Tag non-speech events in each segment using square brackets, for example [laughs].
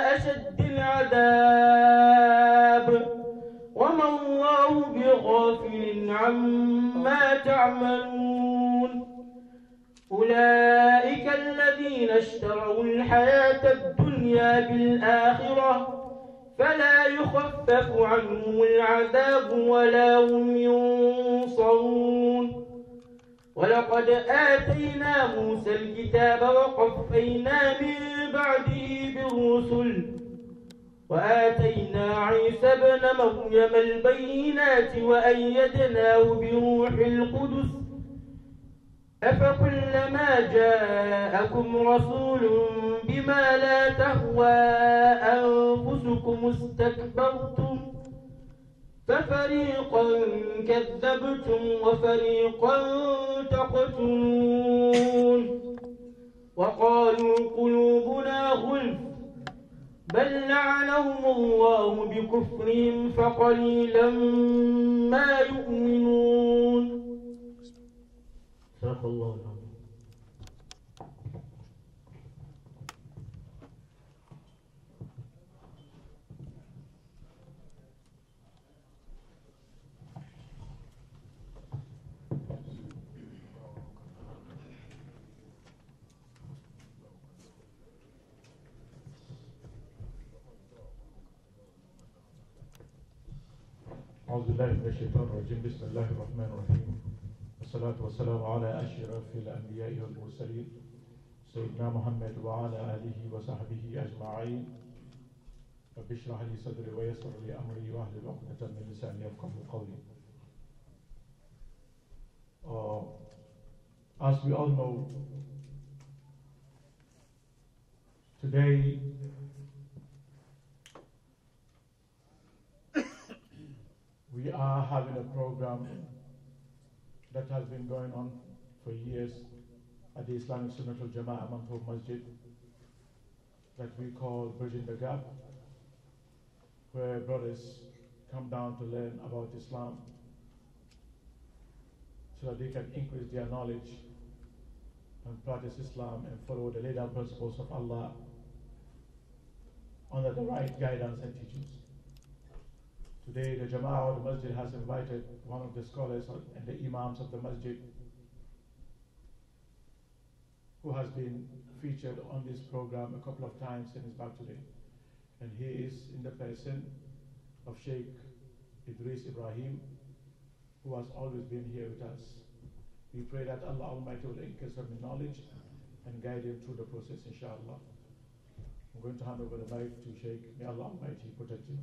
أشد العذاب وما الله بغافل عما تعملون أولئك الذين اشتروا الحياة الدنيا بالآخرة فلا يخفف عنهم العذاب ولا هم ينصرون ولقد آتينا موسى الكتاب وقفينا من بعده بالرسل وآتينا عيسى ابن مريم البينات وأيدناه بروح القدس أفكلما جاءكم رسول بما لا تهوى أنفسكم استكبرتم ففريقا كذبتم وفريقا تقتلون وقالوا قلوبنا غلف بل لعنهم الله بكفرهم فقليلا ما يؤمنون صدق الله أعوذ بالله من الشيطان الرجيم بسم الله الرحمن الرحيم والصلاة والسلام على أشرف الأنبياء والمرسلين سيدنا محمد وعلى آله وصحبه أجمعين رب اشرح لي صدري ويسر لي أمري واحلل عقدة من لساني يفقه قولي uh, As we all know, today we are having a program that has been going on for years at the Islamic Sunnatul Jama'ah Mantur Masjid that we call Bridging the Gap, where brothers come down to learn about Islam so that they can increase their knowledge and practice Islam and follow the leader principles of Allah under the right guidance and teachings. Today, the Jama'ah of the Masjid has invited one of the scholars and the Imams of the Masjid who has been featured on this program a couple of times and is back today. And he is in the person of Sheikh Idris Ibrahim, who has always been here with us. We pray that Allah Almighty will increase him in knowledge and guide him through the process, inshallah. I'm going to hand over the mic to Sheikh. May Allah Almighty protect you.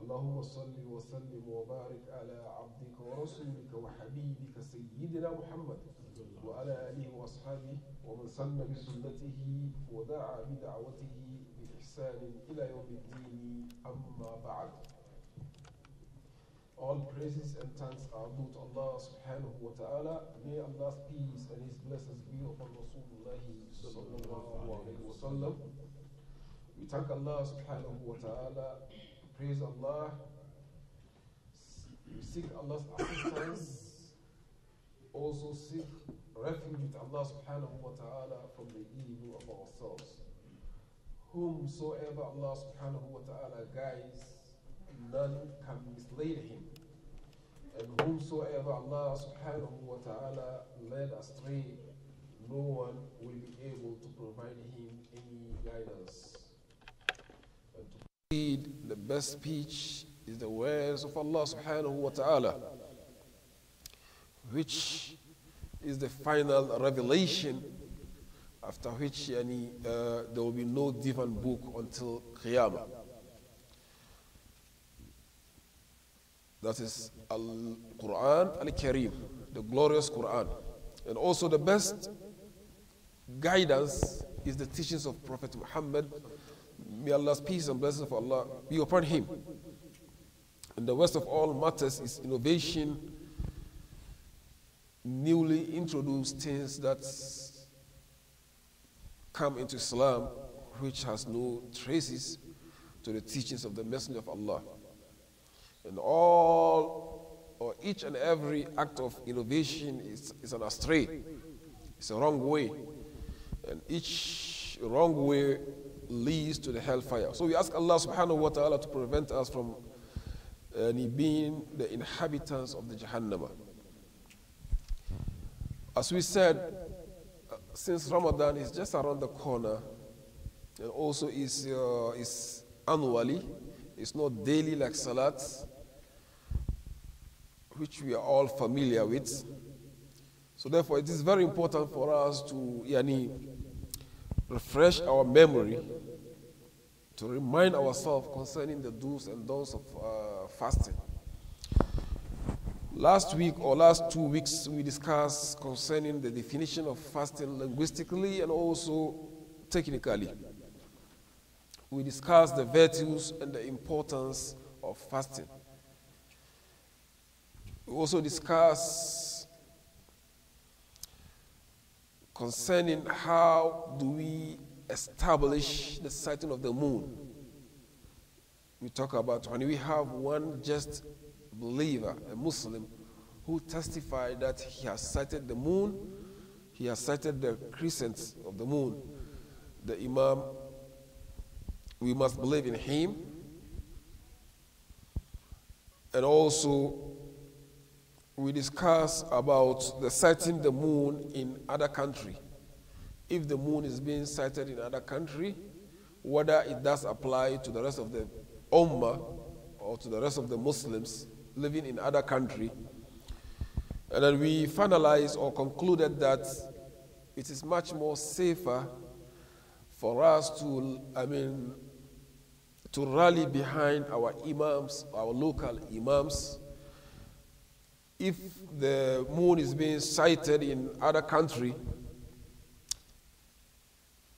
اللهم صل وسلم وبارك على عبدك ورسولك وحبيبك سيدنا محمد وعلى آله وأصحابه ومن سن بسنته ودعا بدعوته بإحسان إلى يوم الدين أما بعد All praises and thanks are due to Allah subhanahu wa ta'ala. May Allah's peace and His blessings be upon Rasulullah sallallahu alayhi wa sallam. We thank Allah subhanahu wa ta'ala Praise Allah. Seek Allah's assistance. Also seek refuge with Allah subhanahu wa ta'ala from the evil of ourselves. Whomsoever Allah subhanahu wa ta'ala guides, none can mislead him. And whomsoever Allah subhanahu wa ta'ala led astray, no one will be able to provide him any guidance. Indeed, the best speech is the words of Allah subhanahu wa ta'ala, which is the final revelation after which yani, uh, there will be no divine book until Qiyamah. That is Al Quran Al Karim, the glorious Quran. And also, the best guidance is the teachings of Prophet Muhammad May Allah's peace and blessings of Allah be upon him. And the worst of all matters is innovation, newly introduced things that come into Islam which has no traces to the teachings of the Messenger of Allah. And all or each and every act of innovation is, is an astray, it's a wrong way. And each wrong way leads to the hellfire. So we ask Allah subhanahu wa ta'ala to prevent us from uh, being the inhabitants of the Jahannama. As we said, uh, since Ramadan is just around the corner, and also is, uh, is annually, it's not daily like Salat, which we are all familiar with. So therefore, it is very important for us to yani, refresh our memory to remind ourselves concerning the do's and don'ts of uh, fasting. Last week or last two weeks, we discussed concerning the definition of fasting linguistically and also technically. We discussed the virtues and the importance of fasting. We also discussed concerning how do we establish the sighting of the moon. We talk about when we have one just believer, a Muslim, who testified that he has sighted the moon, he has sighted the crescent of the moon. The Imam, we must believe in him. And also, we discuss about the sighting the moon in other country. If the moon is being sighted in other country, whether it does apply to the rest of the Ummah or to the rest of the Muslims living in other country. And then we finalized or concluded that it is much more safer for us to, I mean, to rally behind our imams, our local imams, if the moon is being sighted in other country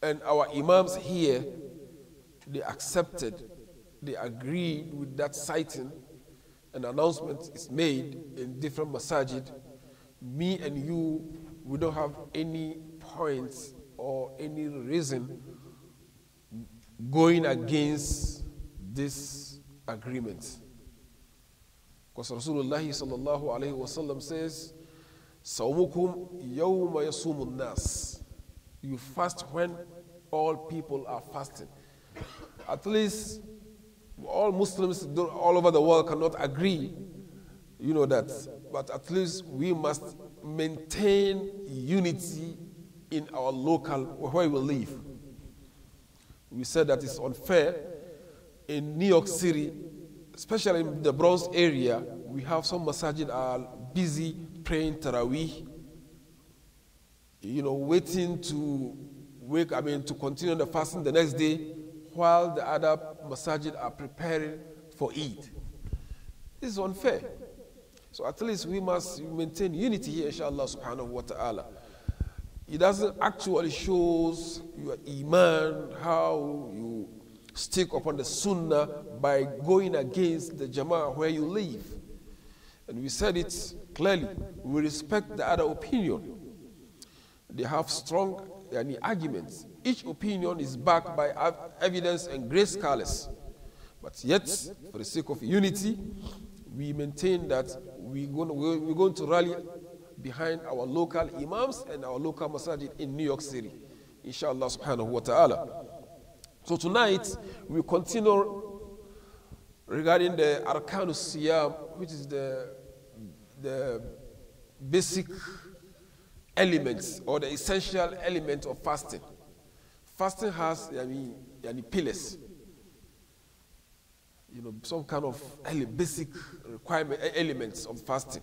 and our imams here they accepted they agreed with that sighting an announcement is made in different masajid me and you we don't have any points or any reason going against this agreement because Rasulullah sallallahu alayhi says, Sawmukum yawma yasumun nas. You fast when all people are fasting. At least all Muslims all over the world cannot agree, you know that. But at least we must maintain unity in our local, where we live. We said that it's unfair in New York City especially in the bronze area, we have some masajid are busy praying Taraweeh, you know, waiting to wake, I mean, to continue the fasting the next day, while the other masajid are preparing for Eid. This is unfair. So at least we must maintain unity here, inshallah subhanahu wa ta'ala. It doesn't actually shows your iman, how you stick upon the sunnah by going against the jama'ah where you live. And we said it clearly. We respect the other opinion. They have strong yani, arguments. Each opinion is backed by evidence and great scholars. But yet, for the sake of unity, we maintain that we're going, we're going to rally behind our local imams and our local masajid in New York City. Inshallah subhanahu wa ta'ala. So tonight, we continue regarding the Arkanus Siyam, which is the, the basic elements or the essential element of fasting. Fasting has yani, yani pillars, you know, some kind of basic requirement elements of fasting.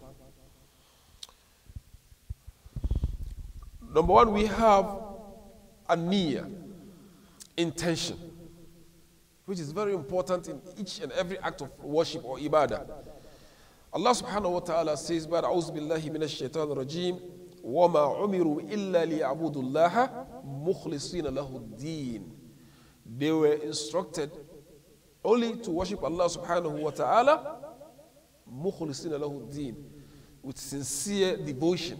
Number one, we have a niyyah intention, which is very important in each and every act of worship or ibadah. Allah subhanahu wa ta'ala says, But أعوذ بالله من الشيطان الرجيم وما عمروا إلا ليعبدوا الله مخلصين له الدين. They were instructed only to worship Allah subhanahu wa ta'ala مخلصين له الدين with sincere devotion.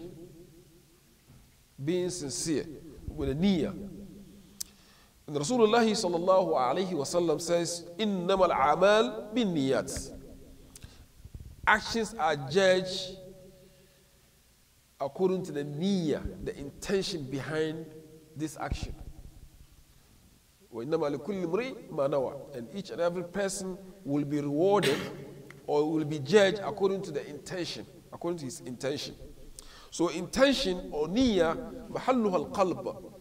Being sincere with a niyyah and Rasulullah sallallahu alayhi wasallam says, Innamal amal bin niyat. Actions are judged according to the niyyah, the intention behind this action. And each and every person will be rewarded or will be judged according to the intention, according to his intention. So intention or niyyah, mahalluha al-qalb,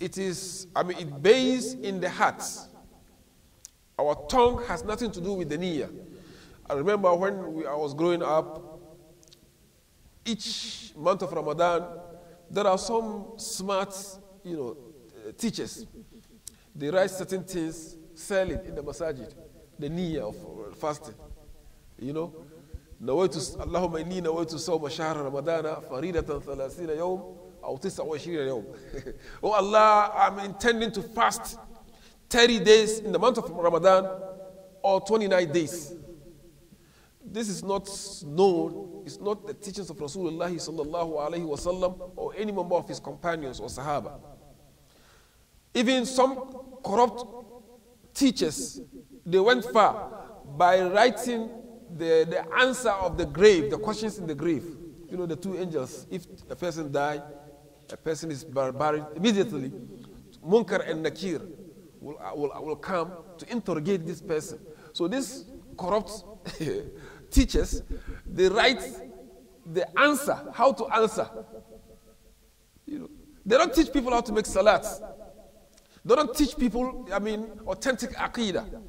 it is, I mean, it bays in the heart. Our tongue has nothing to do with the niyyah. I remember when we, I was growing up, each month of Ramadan, there are some smart, you know, uh, teachers. They write certain things, sell it in the masajid, the niyyah of fasting. You know, نويت اللهم إني نويت صوم شهر رمضان فريدة ثلاثين يوم [laughs] oh allah i'm intending to fast 30 days in the month of ramadan or 29 days this is not known it's not the teachings of rasulullah or any member of his companions or sahaba even some corrupt teachers they went far by writing the, the answer of the grave the questions in the grave you know the two angels if a person dies a person is buried, immediately Munkar and Nakir will, will, will come to interrogate this person. So these corrupt [laughs] teachers, they write the answer, how to answer. You know, they don't teach people how to make salats. They don't teach people, I mean, authentic aqidah.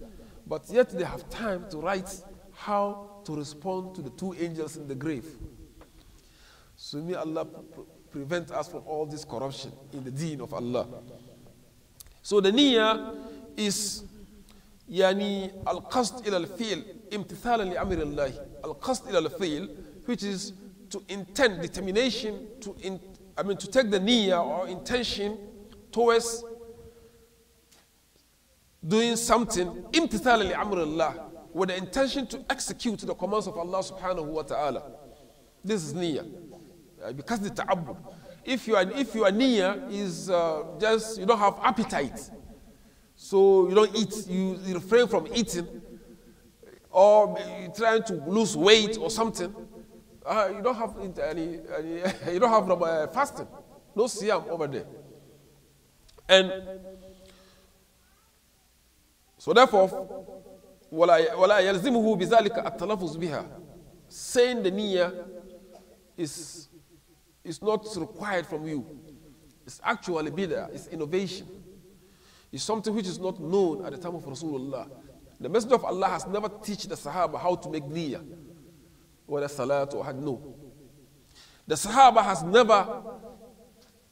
But yet they have time to write how to respond to the two angels in the grave. So may Allah prevent us from all this corruption in the deen of Allah. So the niyyah is yani al-qasd ila al-fi'l imtithalan li amri Allah. Al-qasd ila al-fi'l which is to intend determination to in, I mean to take the niyyah or intention towards doing something imtithalan li amri Allah with the intention to execute the commands of Allah subhanahu wa ta'ala. This is niyyah. Uh, because the ta'abbud. If you are if your niyyah is uh, just you don't have appetite, so you don't eat, you, you refrain from eating, or trying to lose weight or something, uh, you don't have any, any [laughs] you don't have uh, fasting, no siyam over there, and so therefore, Saying the nia is it's not required from you. It's actually bid'ah, it's innovation. It's something which is not known at the time of Rasulullah. The Messenger of Allah has never taught the Sahaba how to make niyyah, whether salat or had no. The Sahaba has never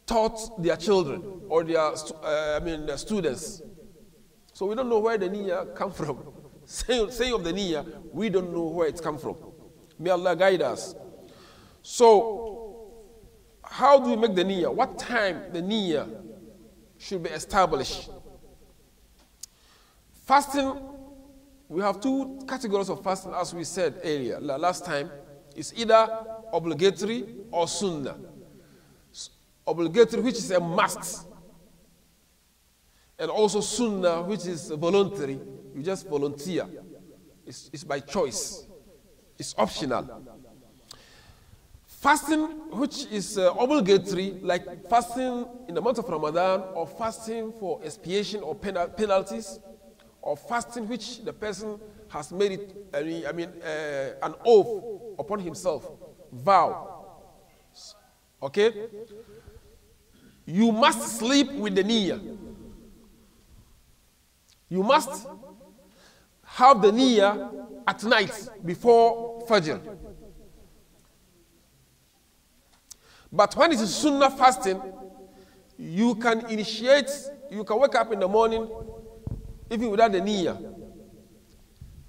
taught their children or their, uh, I mean, their students. So we don't know where the niyyah come from. [laughs] Saying say of the niyyah, we don't know where it come from. May Allah guide us. So how do we make the niyyah? What time the niyyah should be established? Fasting, we have two categories of fasting as we said earlier, last time. It's either obligatory or sunnah. Obligatory, which is a must, and also sunnah, which is voluntary. You just volunteer. It's, it's by choice. It's optional. Fasting, which is uh, obligatory, like fasting in the month of Ramadan, or fasting for expiation or penal penalties, or fasting which the person has made it, I mean, uh, an oath upon himself, vow. Okay? You must sleep with the niyyah. You must have the niyyah at night before Fajr. But when it is sunnah fasting, you can initiate, you can wake up in the morning even without the niyyah.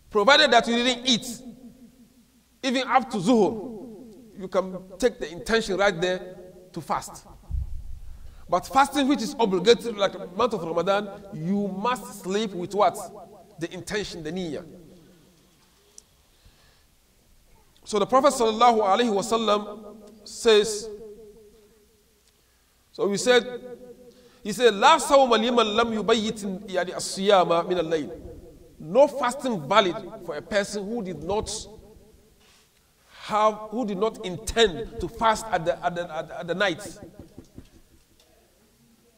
Provided that you didn't eat, even up to zuhur, you can take the intention right there to fast. But fasting which is obligatory, like the month of Ramadan, you must sleep with what? The intention, the niyyah. So the Prophet ﷺ says, so he said, he said, La sawma liman lam yubayyitin yani as-siyama min al-layl. No fasting valid for a person who did not have, who did not intend to fast at the, at the, at the, at the night.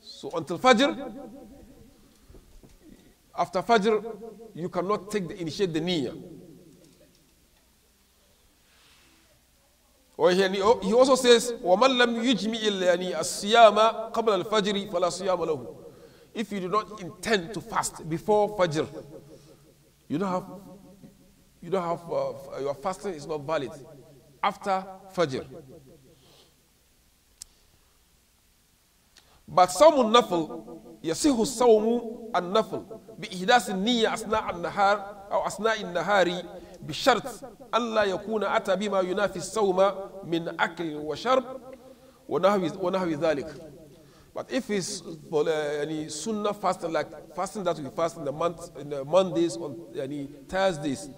So until Fajr, after Fajr, you cannot take the, initiate the niyyah. he, also says, وَمَنْ لَمْ يُجْمِئِ اللَّيَانِ قَبْلَ الْفَجْرِ فَلَا صِيَامَ لَهُ If you do not intend to fast before Fajr, you don't have, you don't have, uh, your fasting is not valid after Fajr. But some النفل يصح الصوم النفل بإحداث النية أثناء النهار أو أثناء النهار بشرط ألا يكون أتى بما ينافي الصوم من أكل وشرب ونحو ونحو ذلك But if it's for uh, any sunnah fasting, like fasting that we fast in the month, in the Mondays on any Thursdays,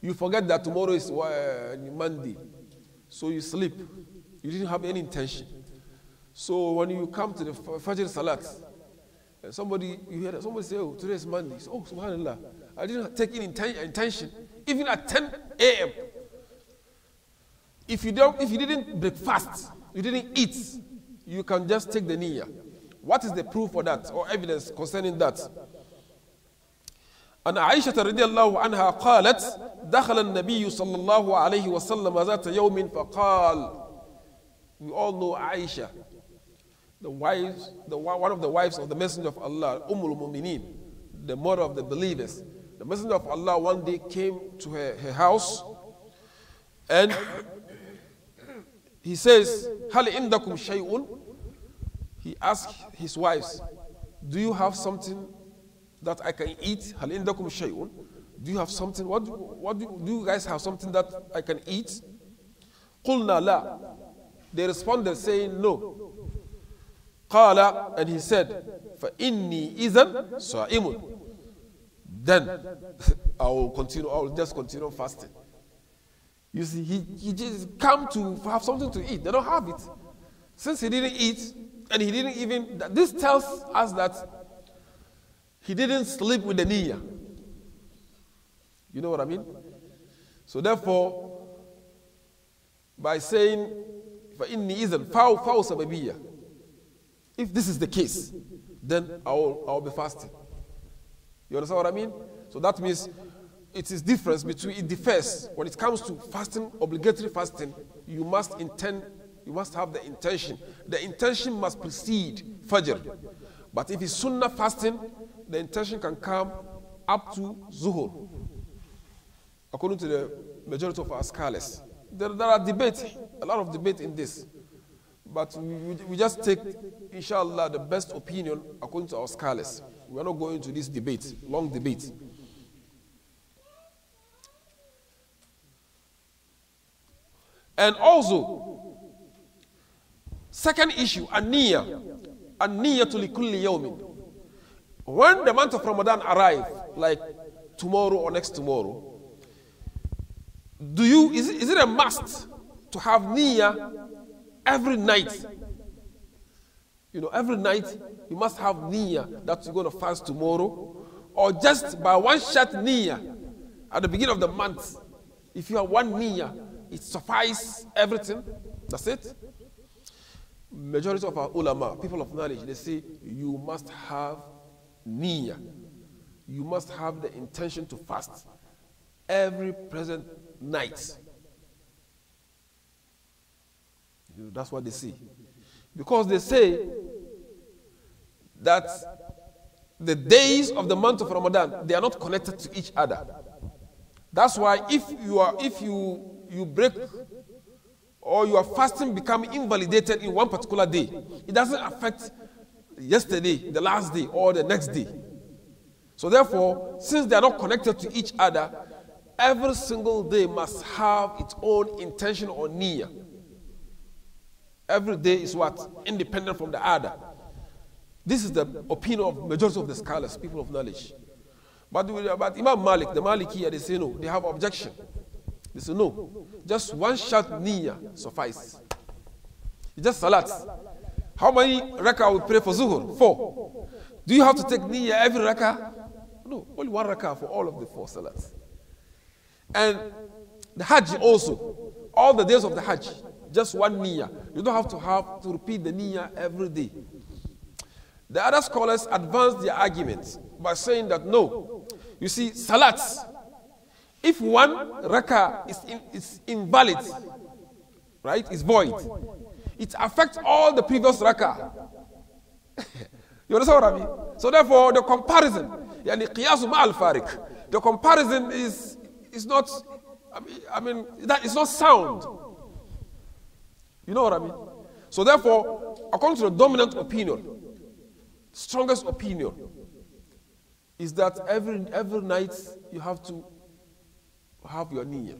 you forget that tomorrow is uh, Monday, so you sleep. You didn't have any intention. So when you come to the Fajr Salat, and somebody you hear that somebody say, "Oh, today is Monday." So, oh, Subhanallah, I didn't take any inten intention even at 10 a.m. If you, don't, if you didn't breakfast, you didn't eat, you can just take the niyyah. What is the proof for that or evidence concerning that? أن عائشة رضي الله عنها قالت دخل النبي صلى الله عليه وسلم ذات يوم فقال We all know Aisha, the wife, the, one of the wives of the Messenger of Allah, Umm al-Mumineen, the mother of the believers the Messenger of Allah one day came to her, her house and he says, Hal indakum shay'un? He asked his wives, Do you have something that I can eat? Hal indakum shay'un? Do you have something? What, do, what do, do you guys have something that I can eat? Qulna la. They responded saying, No. Qala, and he said, فَإِنِّي إِذًا صَائِمٌ then [laughs] I will continue, I will just continue fasting. You see, he, he just come to have something to eat. They don't have it. Since he didn't eat, and he didn't even, this tells us that he didn't sleep with the niya. You know what I mean? So therefore, by saying, If this is the case, then I will, I will be fasting. You understand what I mean? So that means it is difference between the first. When it comes to fasting, obligatory fasting, you must intend, you must have the intention. The intention must precede Fajr. But if it's Sunnah fasting, the intention can come up to Zuhur, according to the majority of our scholars. There, there are debates, a lot of debate in this. But we, we just take, inshallah, the best opinion according to our scholars. We're not going to this debate, long debate. And also, second issue, aniyah. Aniyah to likulli yawmin. When the month of Ramadan arrives, like tomorrow or next tomorrow, do you, is it, is it a must to have niyyah every night you know, every night you must have niyyah that you're going to fast tomorrow, or just by one shot niyyah at the beginning of the month. If you have one niyyah, it suffices everything. That's it. Majority of our ulama, people of knowledge, they say you must have niyyah. You must have the intention to fast every present night. You know, that's what they say. Because they say that the days of the month of Ramadan, they are not connected to each other. That's why if you are if you you break or your fasting become invalidated in one particular day, it doesn't affect yesterday, the last day, or the next day. So therefore, since they are not connected to each other, every single day must have its own intention or niyyah. Every day is what? Independent from the other. This is the opinion of majority of the scholars, people of knowledge. But, but Imam Malik, the Maliki, they say no, they have objection. They say no, just one shot niya suffice. It's just salat. How many rakah we pray for zuhur? Four. Do you have to take niya every rakah? No, only one rakah for all of the four salats. And the hajj also, all the days of the hajj, just one niya. You don't have to have to repeat the niya every day. The other scholars advanced their argument by saying that no. You see, salat, if one raka is, in, is invalid, right, is void, it affects all the previous raka. [laughs] you understand what I mean? So therefore, the comparison, the comparison is, is not, I mean, that is not sound. You know what I mean? So therefore, according to the dominant opinion, strongest opinion, is that every, every night you have to have your niyyah.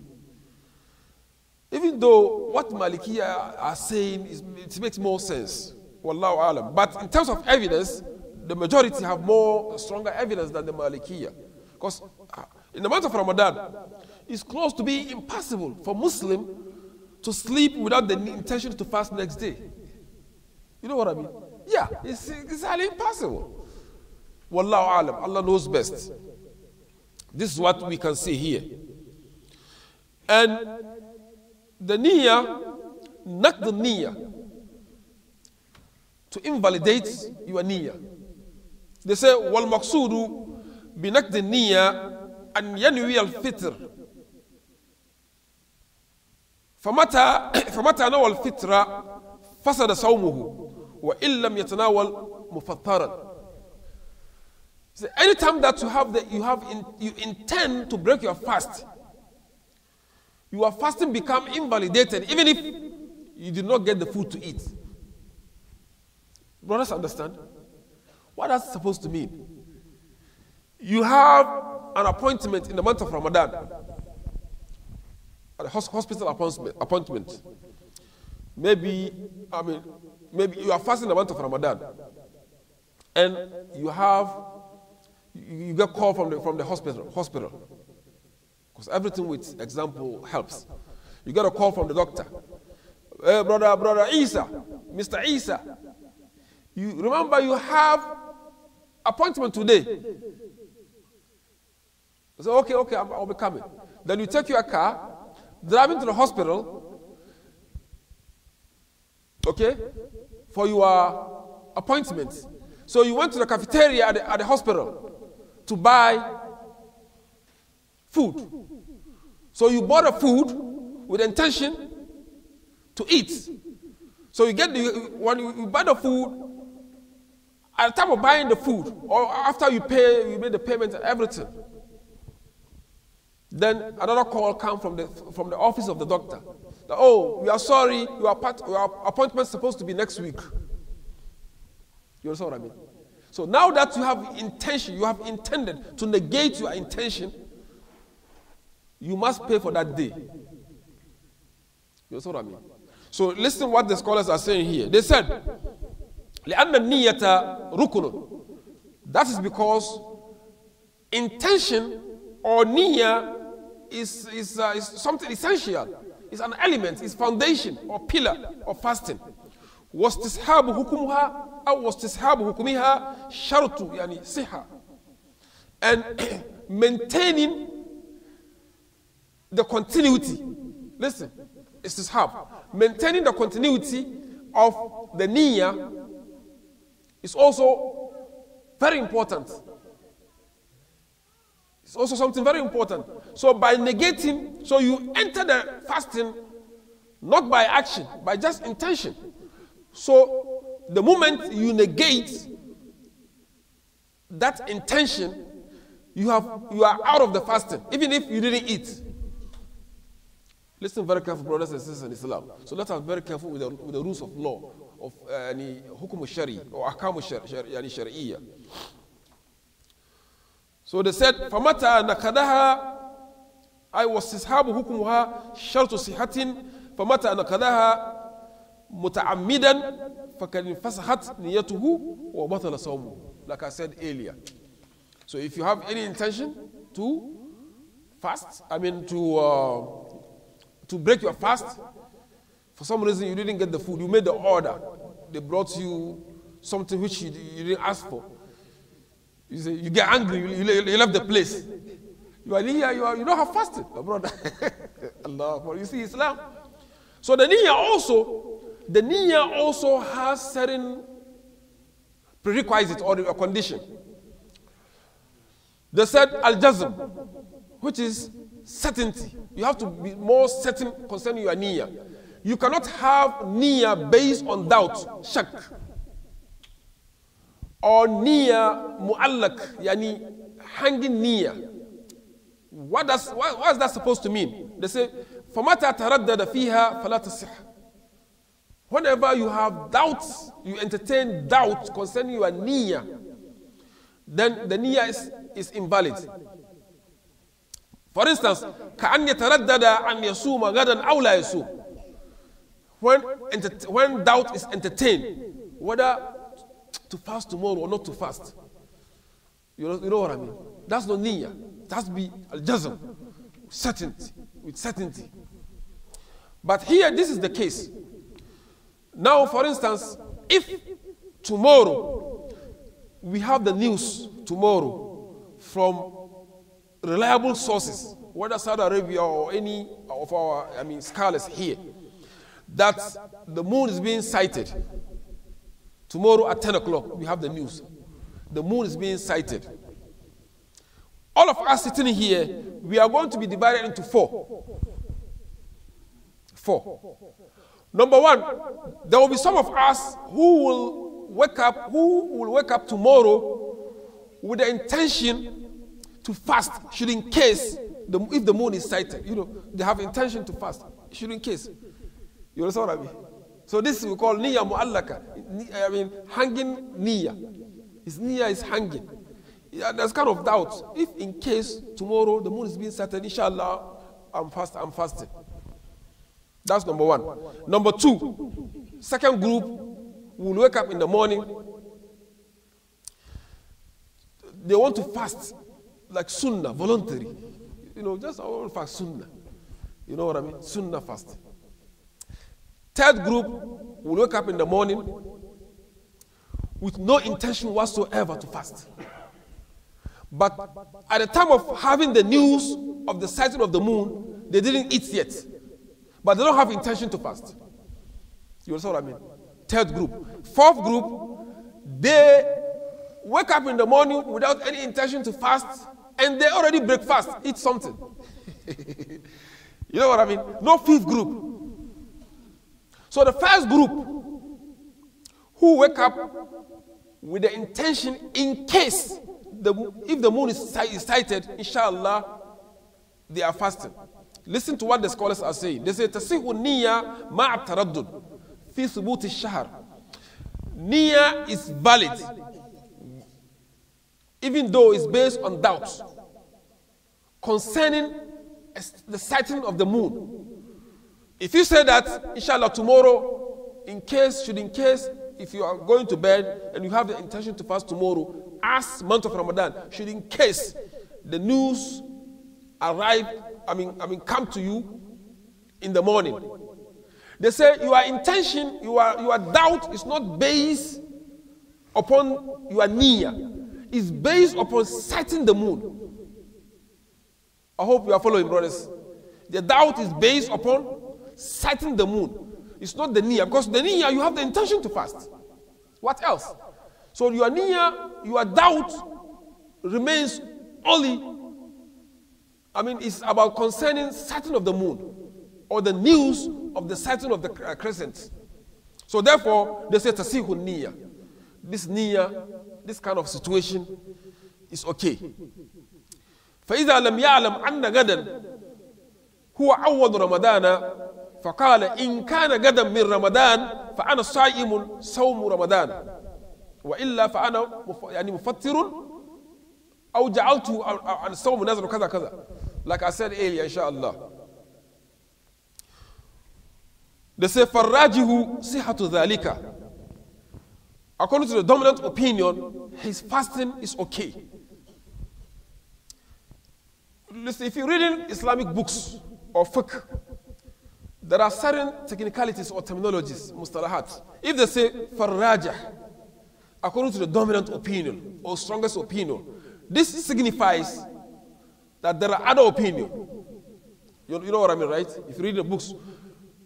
Even though what Malikiya are saying is, it makes more sense. Wallahu alam. But in terms of evidence, the majority have more stronger evidence than the Malikiya. Because uh, in the month of Ramadan, it's close to being impossible for Muslim to sleep without the intention to fast next day. You know what I mean? Yeah, it's, it's highly impossible. Wallahu alam, Allah knows best. This is what we can see here. And the niya, not the niya, to invalidate your niya. They say, wal maqsudu bi the niya an yanwi al-fitr فمتى فمتى نوى الفطرة فسد صومه وإن لم يتناول مفطرا so anytime that you have you have in, you intend to break your fast your fasting become invalidated even if you did not get the food to eat brothers understand what that's supposed to mean you have an appointment in the month of ramadan hospital appointment, Maybe, I mean, maybe you are fasting the month of Ramadan and you have, you get call from the, from the hospital, hospital. Because everything with example helps. You get a call from the doctor. Hey, eh, brother, brother Isa, Mr. Isa, you remember you have appointment today. So say, okay, okay, I'll be coming. Then you take your car driving to the hospital, okay, for your appointment. So you went to the cafeteria at the, at the hospital to buy food. So you bought a food with intention to eat. So you get the, when you buy the food, at the time of buying the food, or after you pay, you made the payment and everything, then another call came from the, from the office of the doctor. That, oh, we are sorry, your, part, your appointment is supposed to be next week. You understand what I mean? So now that you have intention, you have intended to negate your intention, you must pay for that day. You understand what I mean? So listen what the scholars are saying here. They said, That is because intention or niya is, is, uh, is something essential. It's an element, it's foundation or pillar of fasting. واستصحاب Was this واستصحاب hukumiha? شرط yani صحة and [clears throat] maintaining the continuity listen it's hab. maintaining the continuity of the niya is also very important it's also something very important. So by negating, so you enter the fasting not by action, by just intention. So the moment you negate that intention, you have you are out of the fasting, even if you didn't eat. Listen very careful, brothers and sisters in Islam. So let us be very careful with the, with the rules of law of uh, hukum shari or akam shari, shari, shari'iyah. So they said, "Famata فَمَتَى نَكَدَهَا أي واستصحاب حكمها شرط صحة فمتى نقضها متعمدا fasahat انفسخت نيته وبطل صومه like I said earlier so if you have any intention to fast I mean to uh, to break your fast for some reason you didn't get the food you made the order they brought you something which you, you didn't ask for you say, you get angry, you, you, you left the place. You are near, you, are, you don't have fasted, my brother. [laughs] Allah, you see Islam. So the niyyah also, the niyyah also has certain prerequisites or a condition. They said al-jazm, which is certainty. You have to be more certain concerning your niyyah. You cannot have niyyah based on doubt, shak or niya mu'allak, yani hanging niya. What does what, what is that supposed to mean? They say, فَمَتَى تَرَدَّدَ فِيهَا فَلَا تَصِحْ Whenever you have doubts, you entertain doubts concerning your niya, then the niya is, is invalid. For instance, كَأَنْ يَتَرَدَّدَ أَنْ يَسُومَ غَدًا أَوْ لَا يَسُومَ when, when doubt is entertained, whether to fast tomorrow or not to fast. You know, you know what I mean? That's not niyyah. That's be al jazm. Certainty. With certainty. But here, this is the case. Now, for instance, if tomorrow we have the news tomorrow from reliable sources, whether Saudi Arabia or any of our, I mean, scholars here, that the moon is being sighted Tomorrow at 10 o'clock, we have the news. The moon is being sighted. All of us sitting here, we are going to be divided into four. Four. Number one, there will be some of us who will wake up, who will wake up tomorrow with the intention to fast, should in case the, if the moon is sighted. You know, they have intention to fast, should in case. You understand what I mean? So this we call niya mu'allaka. I mean, hanging niya. His niya is hanging. Yeah, there's kind of doubt. If in case tomorrow the moon is being set, inshallah, I'm fast, I'm fasting. That's number one. Number two, second group will wake up in the morning. They want to fast like sunnah, voluntary. You know, just I want to fast sunnah. You know what I mean? Sunnah fasting. Third group will wake up in the morning with no intention whatsoever to fast. But at the time of having the news of the sighting of the moon, they didn't eat yet. But they don't have intention to fast. You understand what I mean? Third group. Fourth group, they wake up in the morning without any intention to fast, and they already break fast, eat something. [laughs] you know what I mean? No fifth group. So the first group who wake up with the intention in case the, if the moon is, sighted, inshallah, they are fasting. Listen to what the scholars are saying. They say, tasihu النِّيَّة مَعَ التَّرَدُّدِ فِي ثُبُوتِ Niya is valid, even though it's based on doubts concerning the sighting of the moon. If you say that, inshallah, tomorrow, in case, should in case, if you are going to bed and you have the intention to fast tomorrow, as month of Ramadan, should in case the news arrive, I mean, I mean, come to you in the morning. They say your intention, your, your doubt is not based upon your niyyah. It's based upon setting the moon. I hope you are following, brothers. The doubt is based upon sighting the moon. It's not the niyyah, because the niyyah, you have the intention to fast. What else? So your niyyah, your doubt remains only, I mean, it's about concerning sighting of the moon or the news of the sighting of the uh, crescent. So therefore, they say tasihu niyyah. This niyyah, this kind of situation is okay. فإذا لم يعلم أن غدا هو أول رمضان فقال إن كان غدا من رمضان فأنا صائم صوم رمضان وإلا فأنا يعني مفطر أو جعلته عن الصوم نذر كذا كذا like I said earlier إن شاء الله They say صحة ذلك According to the dominant opinion, his fasting is okay. Listen, if you're reading Islamic books or fiqh, There are certain technicalities or terminologies, mustalahat. If they say farrajah, according to the dominant opinion or strongest opinion, this signifies that there are other opinions. You, you know what I mean, right? If you read the books.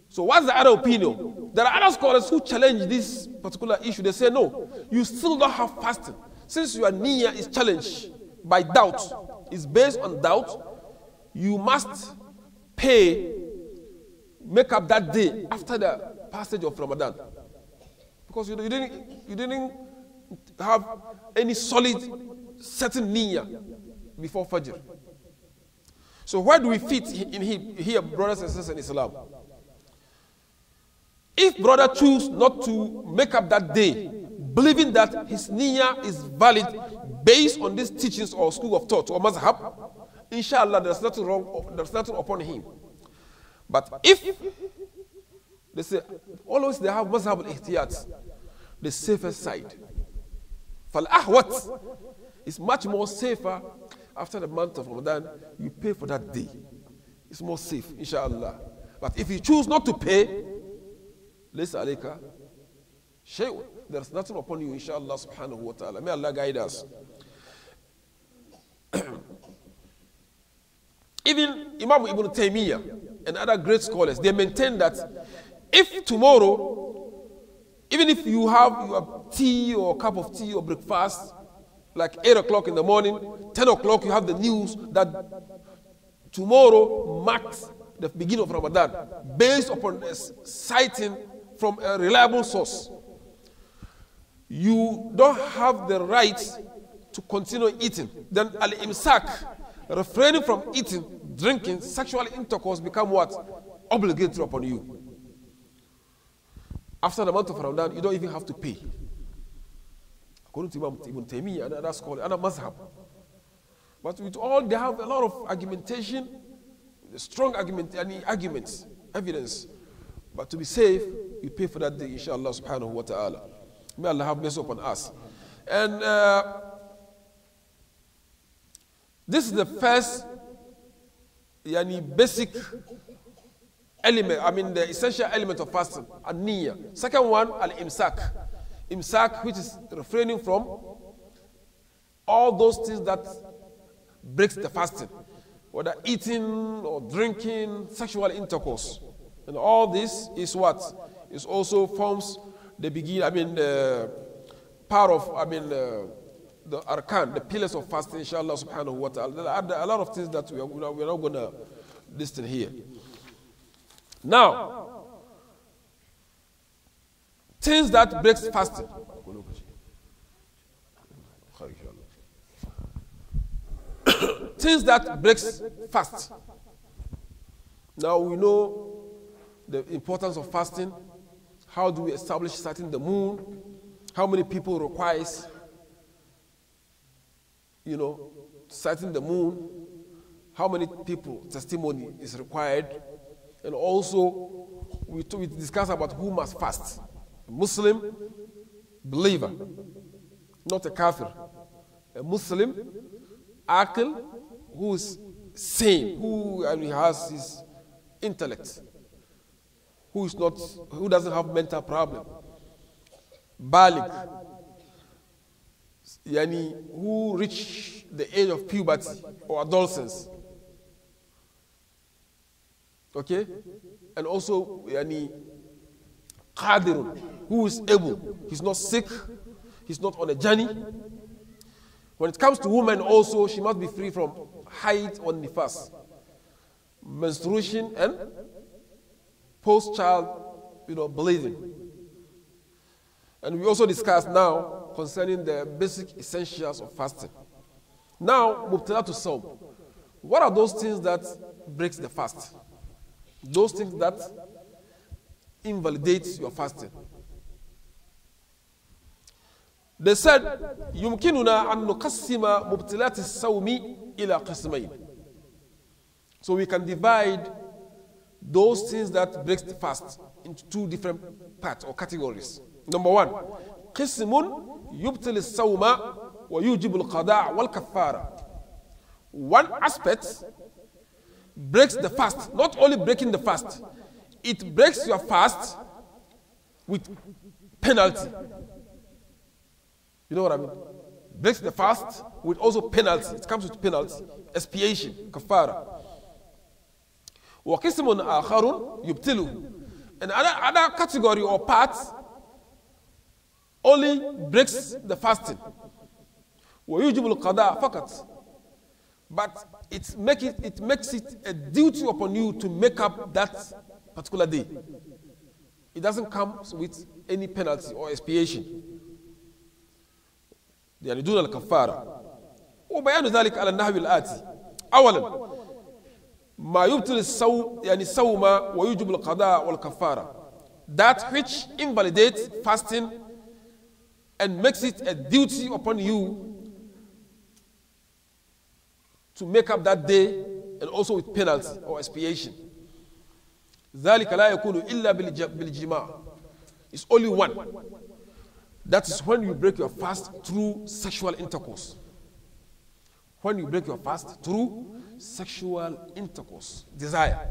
So what's the other opinion? There are other scholars who challenge this particular issue. They say, no, you still don't have fasting. Since your niya is challenged by doubt, it's based on doubt, you must pay make up that day after the passage of Ramadan. Because you, you didn't, you didn't have any solid, certain niya before Fajr. So where do we fit in here, brothers and sisters in Islam? If brother choose not to make up that day, believing that his niya is valid based on these teachings or school of thought or mazhab, inshallah there's nothing wrong, there's nothing upon him. But if they say, always they have must have ihtiyat, the safest side. Falahwat is much more safer after the month of Ramadan. You pay for that day. It's more safe, inshallah. But if you choose not to pay, Laysa alayka There's nothing upon you, inshallah, subhanahu wa ta'ala. May Allah guide us. [clears throat] Even Imam Ibn Taymiyyah, and other great scholars, they maintain that if tomorrow, even if you have your tea or cup of tea or breakfast, like 8 o'clock in the morning, 10 o'clock, you have the news that tomorrow marks the beginning of Ramadan based upon a sighting from a reliable source. You don't have the right to continue eating. Then Al Imsak, refraining from eating, drinking, sexual intercourse become what? Obligatory upon you. After the month of Ramadan, you don't even have to pay. According to Imam Ibn Taymiyyah and other scholars, and a mazhab. But with all, they have a lot of argumentation, strong argument, any arguments, evidence. But to be safe, you pay for that day, inshallah subhanahu wa ta'ala. May Allah have mercy upon us. And uh, this is the first yani basic element, I mean the essential element of fasting, and niyyah. Second one, al-imsak. Imsak, which is refraining from all those things that breaks the fasting, whether eating or drinking, sexual intercourse. And all this is what? It also forms the beginning, I mean, uh, part of, I mean, uh, the arkan, the pillars of fasting, inshallah subhanahu wa ta'ala. There are a lot of things that we are, we are not going to listen here. Now, things that breaks fasting. [coughs] things that breaks fast. Now we know the importance of fasting. How do we establish starting the moon? How many people requires you know, sighting the moon, how many people testimony is required, and also we, we discuss about who must fast, a Muslim believer, not a kafir, a Muslim, akil, who is sane, who has his intellect, who is not, who doesn't have mental problem, balik, yani who reach the age of puberty or adolescence. Okay? And also yani qadirun, who is able. He's not sick, he's not on a journey. When it comes to women also, she must be free from height or nifas, menstruation and post-child, you know, bleeding. And we also discussed now concerning the basic essentials of fasting. Now, mubtala to sawm. What are those things that breaks the fast? Those things that invalidates your fasting. They said, يمكننا أن نقسم مبتلات الصوم إلى قسمين. So we can divide those things that breaks the fast into two different parts or categories. Number one, قسم يبطل الصوم ويوجب القضاء والكفارة. One aspect breaks the fast, not only breaking the fast, it breaks your fast with penalty. You know what I mean? Breaks the fast with also penalty. It comes with penalty, expiation, kafara. وقسم آخر يبتله. Another other category or part only breaks the fasting. ويجب القضاء fakat, But it, make it, it makes it a duty upon you to make up that particular day. It doesn't come with any penalty or expiation. يعني دون الكفارة وبيان ذلك على النحو الآتي أولا ما يبطل الصوم يعني الصوم ويجب القضاء والكفارة that which invalidates fasting and makes it a duty upon you to make up that day and also with penalty or expiation. It's only one. That is when you break your fast through sexual intercourse. When you break your fast through sexual intercourse, desire.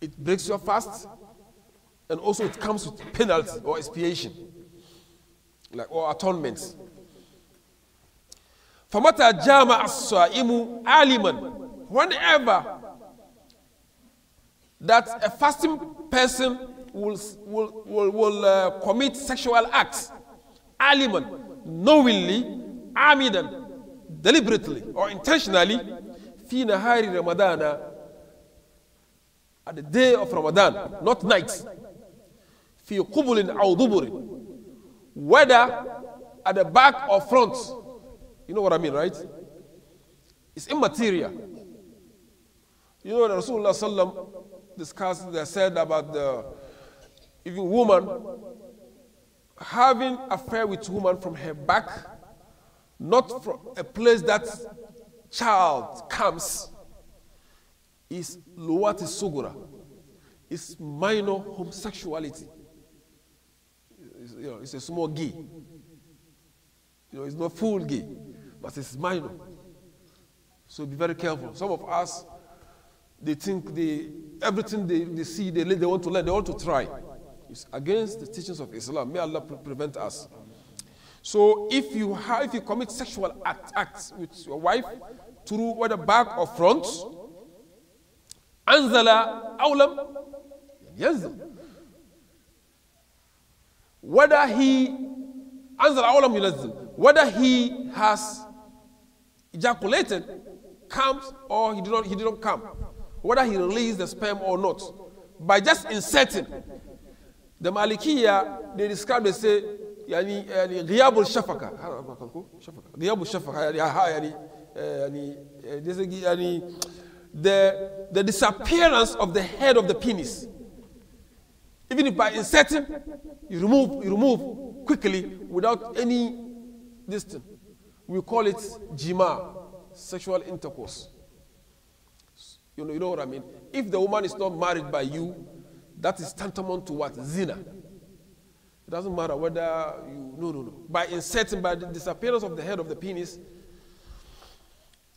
It breaks your fast and also it comes with penalty or expiation like or atonements. فَمَتَى aswa imu aliman, Whenever that a fasting person will, will, will, will uh, commit sexual acts, aliman, knowingly, amidan, deliberately or intentionally, fi nahari ramadana, at the day of Ramadan, not nights, fi qubulin aw whether at the back or front. You know what I mean, right? It's immaterial. You know what Rasulullah Sallam discussed, they said about the even woman having affair with woman from her back, not from a place that child comes, is luwati sugura, is minor homosexuality you know, it's a small gi. You know, it's not full gi, but it's minor. So be very careful. Some of us, they think they, everything they, they see, they, they want to learn, they want to try. It's against the teachings of Islam. May Allah pre prevent us. So if you have, if you commit sexual act, acts with your wife through whether back or front, anzala awlam yanzal whether he whether he has ejaculated comes or he did not he did not come whether he released the sperm or not by just inserting the Malikiya they describe they say يعني يعني غياب shafaka, شفقة غياب الشفقة yani. يعني يعني eh, the the disappearance of the head of the penis even if by inserting, you remove, you remove quickly without any distance. We call it jima, sexual intercourse. You know, you know what I mean? If the woman is not married by you, that is tantamount to what? Zina. It doesn't matter whether you, no, no, no. By inserting, by the disappearance of the head of the penis,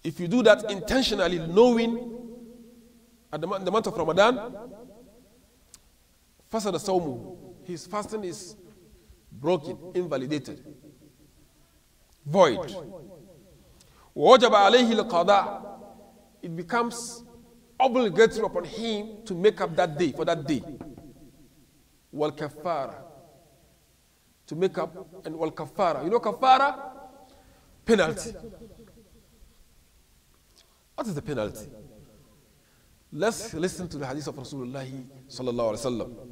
if you do that intentionally, knowing at the, the month of Ramadan, Fasada Sawmu, his fasting is broken, invalidated, void. Wajaba alayhi al It becomes obligatory upon him to make up that day, for that day. Wal kafara. To make up, and wal kafara. You know kafara? Penalty. What is the penalty? Let's listen to the hadith of Rasulullah sallallahu alaihi wasallam.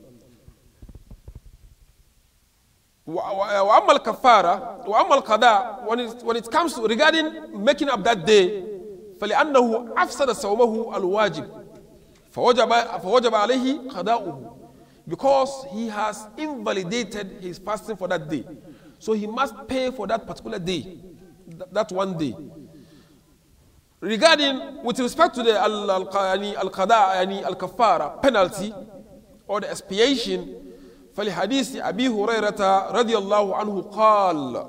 وأما الكفارة when it, comes to regarding making up that day فلأنه أفسد صومه الواجب فوجب, فوجب عليه قضاؤه because he has invalidated his fasting for that day so he must pay for that particular day that one day regarding with respect to the al-qada al-kafara penalty or the expiation فلحديث أبي هريرة رضي الله عنه قال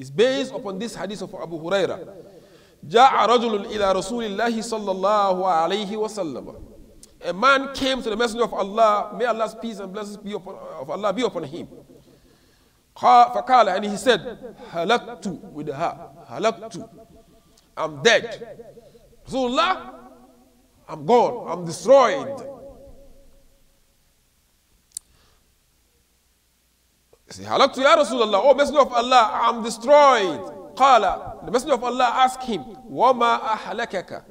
is based upon this hadith of Abu Huraira جاء رجل إلى رسول الله صلى الله عليه وسلم A man came to the messenger of Allah may Allah's peace and blessings be upon, of Allah be upon him فقال and he said هلكت with her هلكت I'm dead Rasulullah I'm gone I'm destroyed He said, Halaktu ya Rasulullah, O Messenger of Allah, I'm destroyed. Qala, the Messenger of Allah asked him, Wama ahlakaka?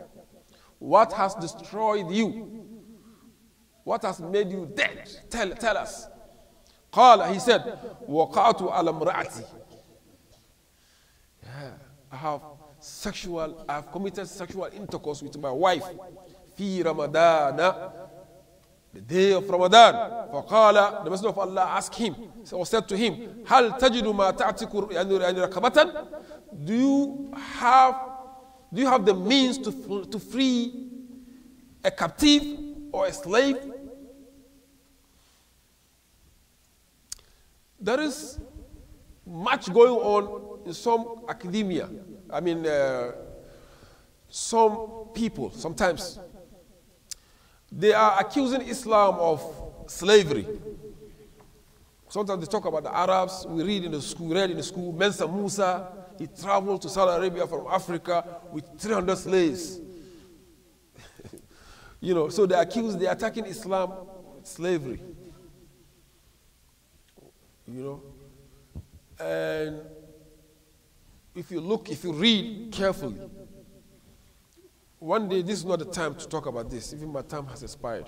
What has destroyed you? What has made you dead? Tell, tell us. Qala, he said, Waqa'atu ala mra'ati. Yeah, I have sexual, I have committed sexual intercourse with my wife. Fi Ramadana the day of Ramadan. فقال, the Messenger of Allah asked him, or said to him, هل تجد ما تعتق رقبة? Do you have, do you have the means to, to free a captive or a slave? There is much going on in some academia. I mean, uh, some people sometimes they are accusing Islam of slavery. Sometimes they talk about the Arabs. We read in the school, read in the school, Mensa Musa, he traveled to Saudi Arabia from Africa with 300 slaves. [laughs] you know, so they accuse, they're attacking Islam, slavery. You know? And if you look, if you read carefully, one day, this is not the time to talk about this. Even my time has expired.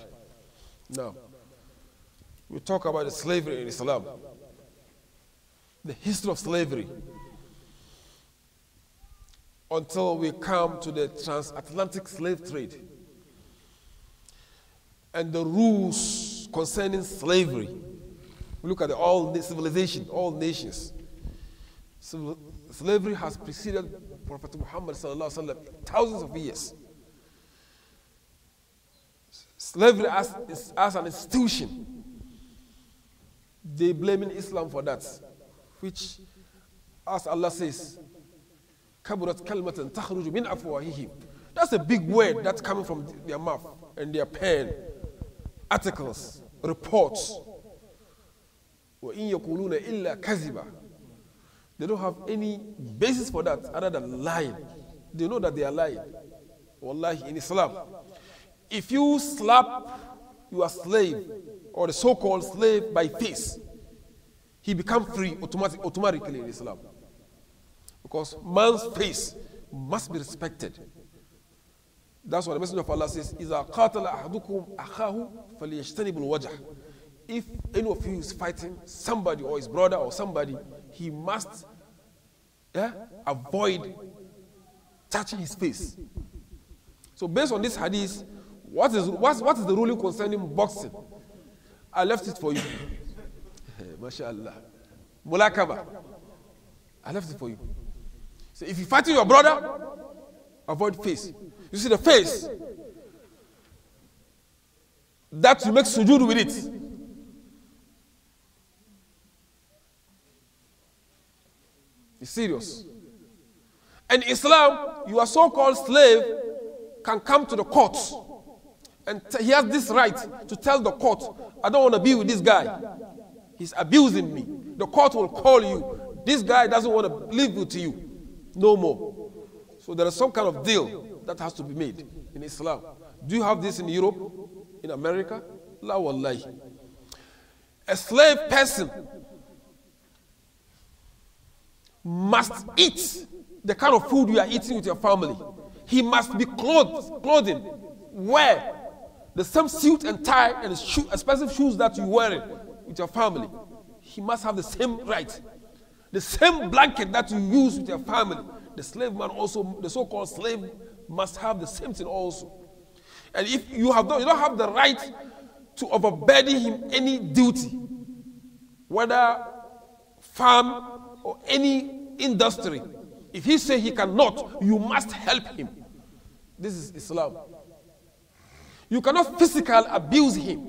Now, we talk about the slavery in Islam, the history of slavery, until we come to the transatlantic slave trade and the rules concerning slavery. We look at the, all civilization, all nations. Slavery has preceded Prophet Muhammad sallallahu alaihi wasallam thousands of years. Slavery as, as an institution. They blaming Islam for that, which, as Allah says, kaburat takhruju min afwahihim. That's a big word that's coming from their mouth and their pen, articles, reports. They don't have any basis for that other than lying. They know that they are lying. Wallahi, in Islam, if you slap your slave or the so-called slave by face, he becomes free automatic, automatically in Islam. Because man's face must be respected. That's what the Messenger of Allah says, إِذَا قَاتَلَ أَحَدُكُمْ أَخَاهُ فَلْيَجْتَنِبُ الْوَجْهِ If any of you is fighting somebody or his brother or somebody, he must yeah, avoid touching his face. So based on this hadith, what is, what's, what is the ruling concerning boxing? I left it for you. Eh, MashaAllah. Mulakaba. I left it for you. So if you fight with your brother, avoid face. You see the face? That you make sujood with it. It's serious. In Islam, your so called slave can come to the court and he has this right to tell the court, I don't want to be with this guy. He's abusing me. The court will call you. This guy doesn't want to live with you no more. So there is some kind of deal that has to be made in Islam. Do you have this in Europe? In America? La wallahi. A slave person must eat the kind of food you are eating with your family. He must be clothed, clothing, wear the same suit and tie and shoe, expensive shoes that you wear with your family. He must have the same right. The same blanket that you use with your family. The slave man also, the so called slave, must have the same thing also. And if you have you don't have the right to overburden him any duty, whether farm or any industry. If he say he cannot, you must help him. This is Islam. You cannot physically abuse him.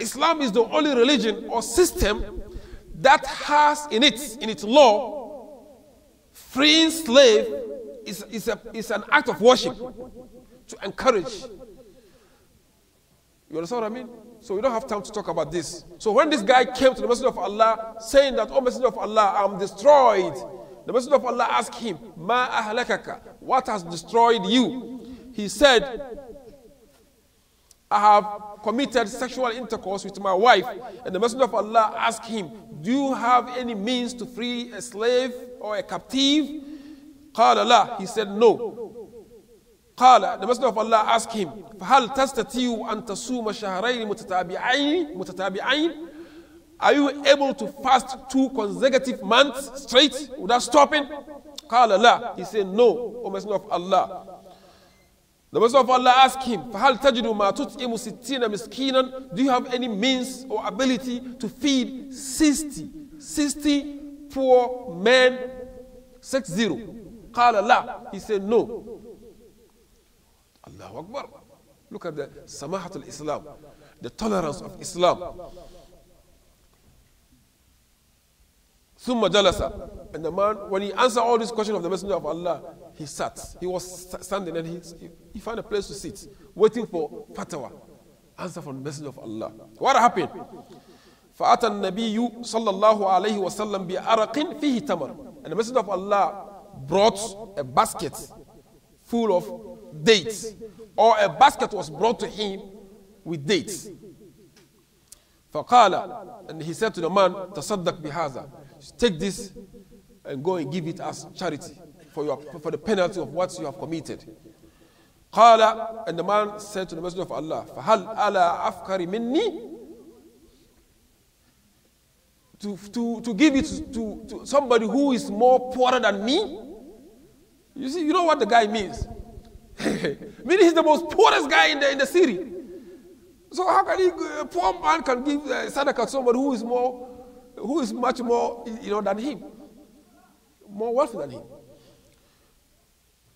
Islam is the only religion or system that has in its, in its law freeing slave is, is, a, is an act of worship to encourage. You understand what I mean? So we don't have time to talk about this. So when this guy came to the Messenger of Allah saying that, Oh Messenger of Allah, I'm destroyed. The Messenger of Allah asked him, Ma ahlakaka, what has destroyed you? He said, I have committed sexual intercourse with my wife. And the Messenger of Allah asked him, Do you have any means to free a slave or a captive? قال لا. He said, No. قال The Messenger of Allah asked him, فهل تستطيع أن تصوم شهرين متتابعين متتابعين Are you able to fast two consecutive months straight without stopping? قال لا. He said, No, O Messenger of Allah. The Messenger of Allah asked him, فَهَلْ تَجِدُ مَا تُطْعِمُ سِتِّينَ مِسْكِينًا Do you have any means or ability to feed 60, 60 poor men? Six zero. قال لا. He said no. Allah Akbar. Look at the samahat al-Islam, the tolerance of Islam. ثم جلس and the man when he answered all these questions of the messenger of Allah he sat. He was standing and he, he found a place to sit, waiting for fatwa, answer from the Messenger of Allah. What happened? فأتى النبي صلى الله عليه وسلم بأرق فيه تمر and the messenger of Allah brought a basket full of dates or a basket was brought to him with dates فقال and he said to the man تصدق بهذا take this and go and give it as charity for, your, for the penalty of what you have committed. قال and the man said to the messenger of Allah فهل على أفكر مني to, to, to give it to, to somebody who is more poorer than me you see you know what the guy means [laughs] meaning he's the most poorest guy in the, in the city so how can he a poor man can give uh, sadaqah to somebody who is more who is much more you know than him more wealthy than him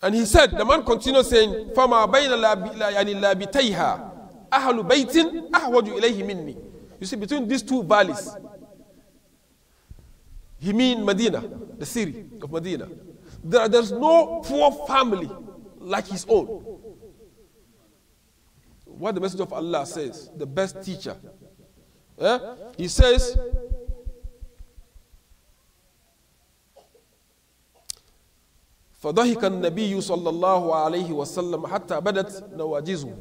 and he said, the man continued saying, فَمَا بَيْنَ لَابِتَيْهَا أَهْلُ بَيْتٍ أَحْوَجُ إِلَيْهِ مِنِّي You see, between these two valleys, he mean Medina, the city of Medina. There, there's no poor family like his own. What the message of Allah says, the best teacher. Eh? He says, فضحك النبي صلى الله عليه وسلم حتى بدت نواجزه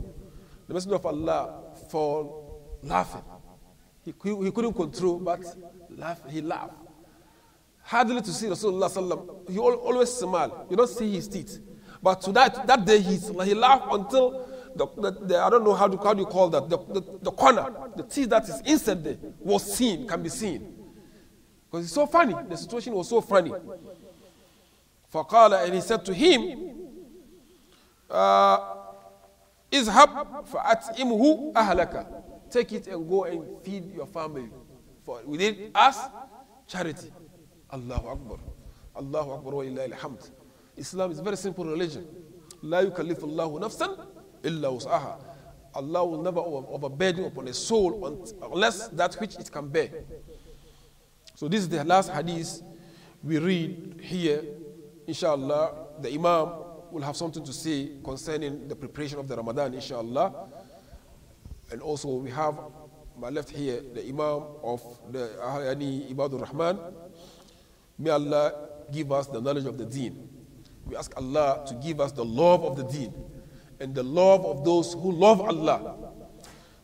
The Messenger of Allah for laughing. He, he, couldn't control but laugh, he laughed. Hardly to see Rasulullah sallam, he always smile. You don't see his teeth. But to that, that day he, he laughed until the, the, the, I don't know how, to, how do you call that, the, the, the corner, the teeth that is inside there was seen, can be seen. Because it's so funny. The situation was so funny. فقال and he said to him uh, اذهب فأتئمه أهلك take it and go and feed your family for we did us charity Allahu Akbar Allahu Akbar wa ilaha alhamd Islam is a very simple religion لا يكلف الله نفسا إلا وسعها Allah will never overburden upon a soul unless that which it can bear. So this is the last hadith we read here inshallah, the Imam will have something to say concerning the preparation of the Ramadan, inshallah. And also we have my left here, the Imam of the Ahayani Ibadur Rahman. May Allah give us the knowledge of the deen. We ask Allah to give us the love of the deen and the love of those who love Allah.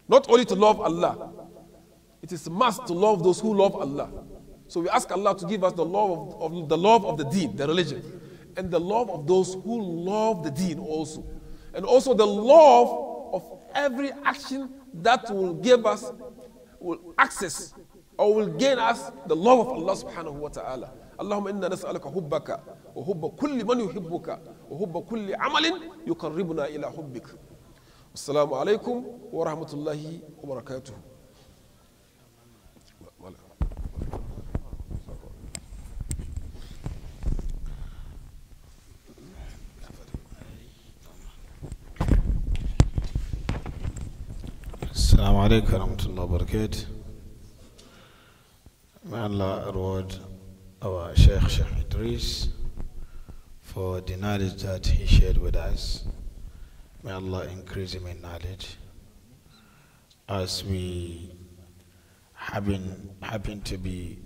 Not only to love Allah, it is must to love those who love Allah. So we ask Allah to give us the love of, of the love of the deen, the religion, and the love of those who love the deen also, and also the love of every action that will give us will access or will gain us the love of Allah subhanahu wa ta'ala. اللهم انا نسالك حبك وحب كل من يحبك وحب كل عمل يقربنا الى حبك. السلام عليكم rahmatullahi الله وبركاته. السلام May Allah reward our Sheikh Sheikh Idris for the knowledge that he shared with us. May Allah increase him in knowledge. As we happen, happen to be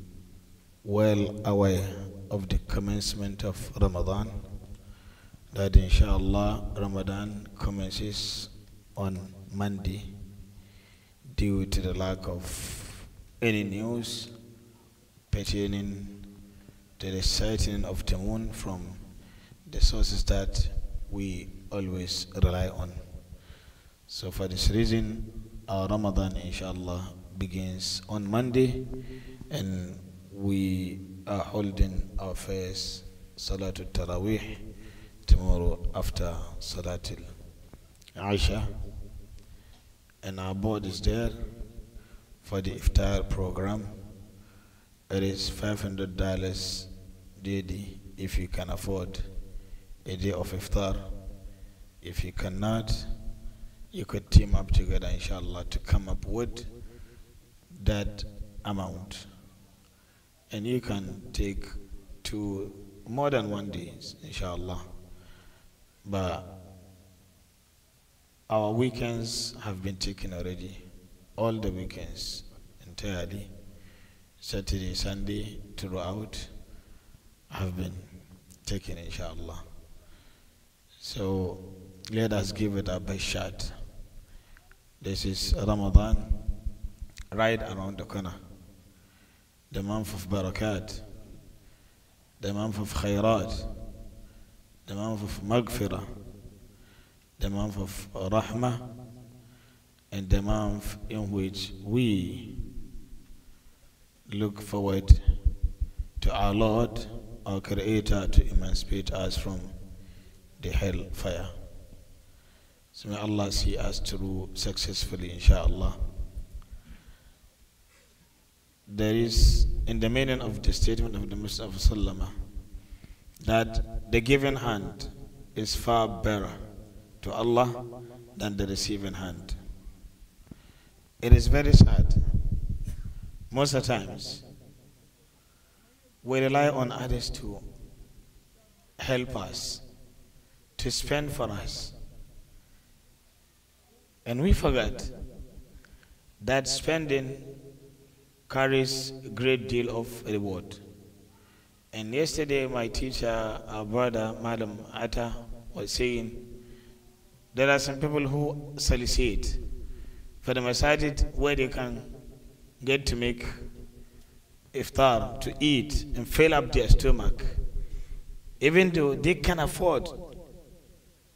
well aware of the commencement of Ramadan, that inshallah Ramadan commences on Monday due to the lack of any news pertaining to the sighting of the moon from the sources that we always rely on. So for this reason, our Ramadan inshallah begins on Monday and we are holding our first Salatul Taraweeh tomorrow after Salatul Aisha and our board is there for the iftar program. It is $500 daily if you can afford a day of iftar. If you cannot, you could team up together, inshallah, to come up with that amount. And you can take two, more than one day, inshallah. But our weekends have been taken already, all the weekends entirely. Saturday, Sunday, throughout have been taken, inshallah. So let us give it our best shot. This is Ramadan right around the corner. The month of barakat, the month of khairat, the month of maghfirah the month of Rahmah, and the month in which we look forward to our Lord, our Creator, to emancipate us from the hell fire. So may Allah see us through successfully, inshallah. There is, in the meaning of the statement of the Muslim of Sallama, that the given hand is far better to Allah than the receiving hand. It is very sad. Most of the times, we rely on others to help us, to spend for us. And we forget that spending carries a great deal of reward. And yesterday, my teacher, our brother, Madam Atta, was saying, there are some people who solicit for the masajid where they can get to make iftar, to eat, and fill up their stomach. Even though they can afford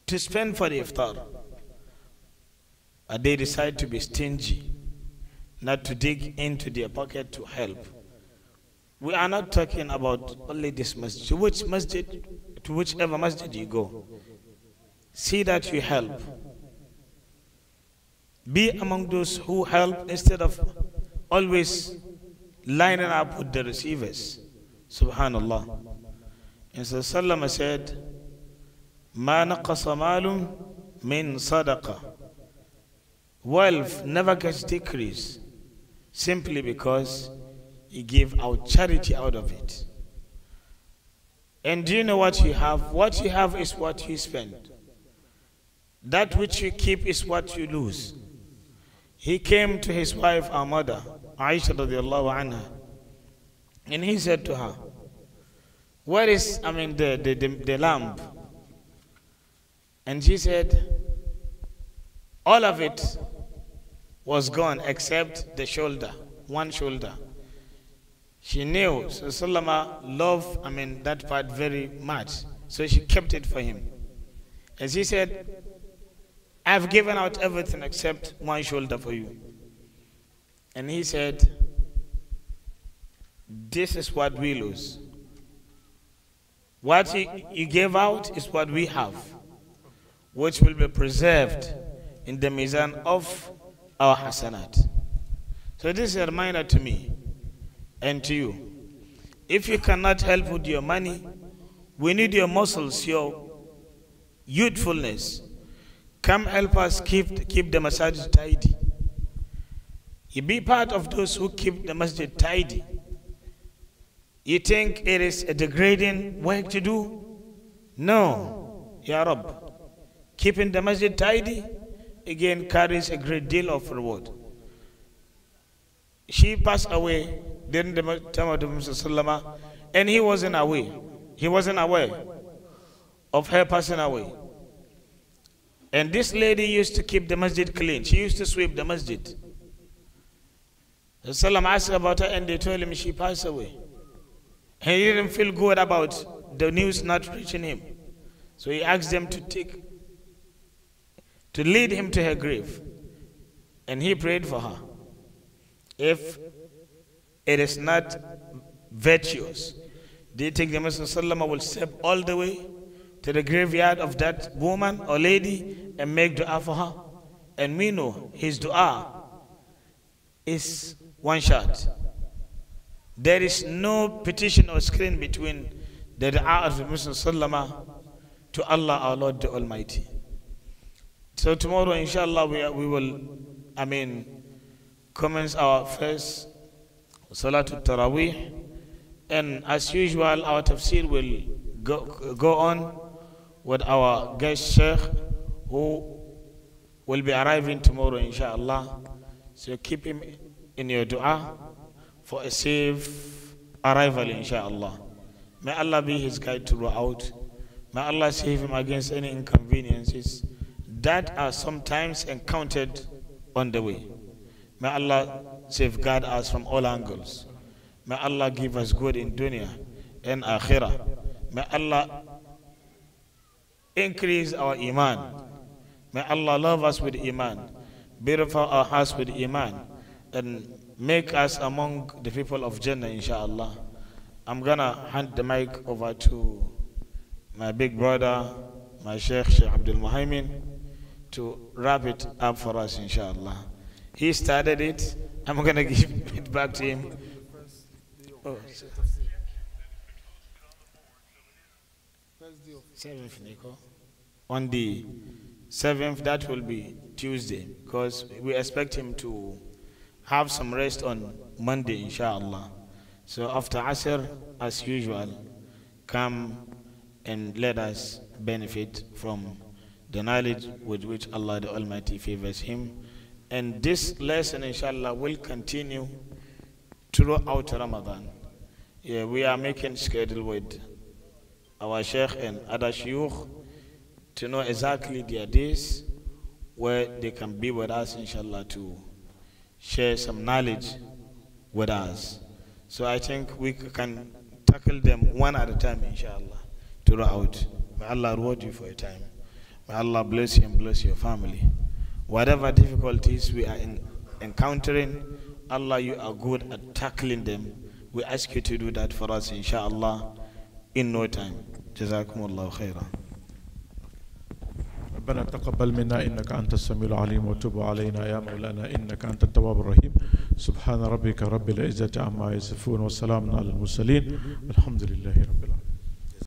to spend for the iftar, they decide to be stingy, not to dig into their pocket to help. We are not talking about only this masjid. To which masjid, to whichever masjid you go, See that you help. Be among those who help instead of always lining up with the receivers. Subhanallah. And so Sallama said, "Ma نقص min من Wealth never gets decreased simply because you give out charity out of it. And do you know what you have? What you have is what you spend. That which you keep is what you lose. He came to his wife, our mother, Aisha radiallahu anha, and he said to her, Where is, I mean, the, the, the, the lamp? And she said, All of it was gone except the shoulder, one shoulder. She knew so Salama loved, I mean, that part very much. So she kept it for him. And she said, I've given out everything except one shoulder for you. And he said, This is what we lose. What you gave out is what we have, which will be preserved in the mizan of our hasanat. So this is a reminder to me and to you. If you cannot help with your money, we need your muscles, your youthfulness, Come help us keep, keep the masjid tidy. You be part of those who keep the masjid tidy. You think it is a degrading work to do? No, Ya Rab. Keeping the masjid tidy again carries a great deal of reward. She passed away during the time of the Prophet and he wasn't aware. He wasn't aware of her passing away. And this lady used to keep the masjid clean. She used to sweep the masjid. The Salam asked about her and they told him she passed away. He didn't feel good about the news not reaching him. So he asked them to take, to lead him to her grave. And he prayed for her. If it is not virtuous, do you think the Messenger will step all the way? to the graveyard of that woman or lady and make dua for her. And we know his dua is one shot. There is no petition or screen between the dua of the Muslim Sallama to Allah our Lord the Almighty. So tomorrow, inshallah, we, we will, I mean, commence our first Salatul Taraweeh. And as usual, our tafsir will go, go on with our guest sheikh who will be arriving tomorrow, inshallah. So keep him in your dua for a safe arrival, inshallah. May Allah be his guide throughout. May Allah save him against any inconveniences that are sometimes encountered on the way. May Allah safeguard us from all angles. May Allah give us good in dunya and akhirah. May Allah increase our iman. May Allah love us with iman, beautify our hearts with iman, and make us among the people of Jannah, inshallah. I'm gonna hand the mic over to my big brother, my Sheikh Sheikh Abdul Muhaymin, to wrap it up for us, inshallah. He started it. I'm gonna [laughs] give it back to him. Oh, 7th, Nico. On the 7th, that will be Tuesday, because we expect him to have some rest on Monday, inshallah. So after Asr, as usual, come and let us benefit from the knowledge with which Allah the Almighty favors him. And this lesson, inshallah, will continue throughout Ramadan. Yeah, we are making schedule with our sheikh and other sheikh to know exactly their days where they can be with us, inshallah, to share some knowledge with us. So I think we can tackle them one at a time, inshallah, throughout. May Allah reward you for your time. May Allah bless you and bless your family. Whatever difficulties we are encountering, Allah, you are good at tackling them. We ask you to do that for us, inshallah, in no time. جزاكم الله خيرا ربنا تقبل منا انك انت السميع العليم وتب علينا يا مولانا انك انت التواب الرحيم سبحان ربك رب العزه عما يصفون وسلام على المرسلين الحمد لله رب العالمين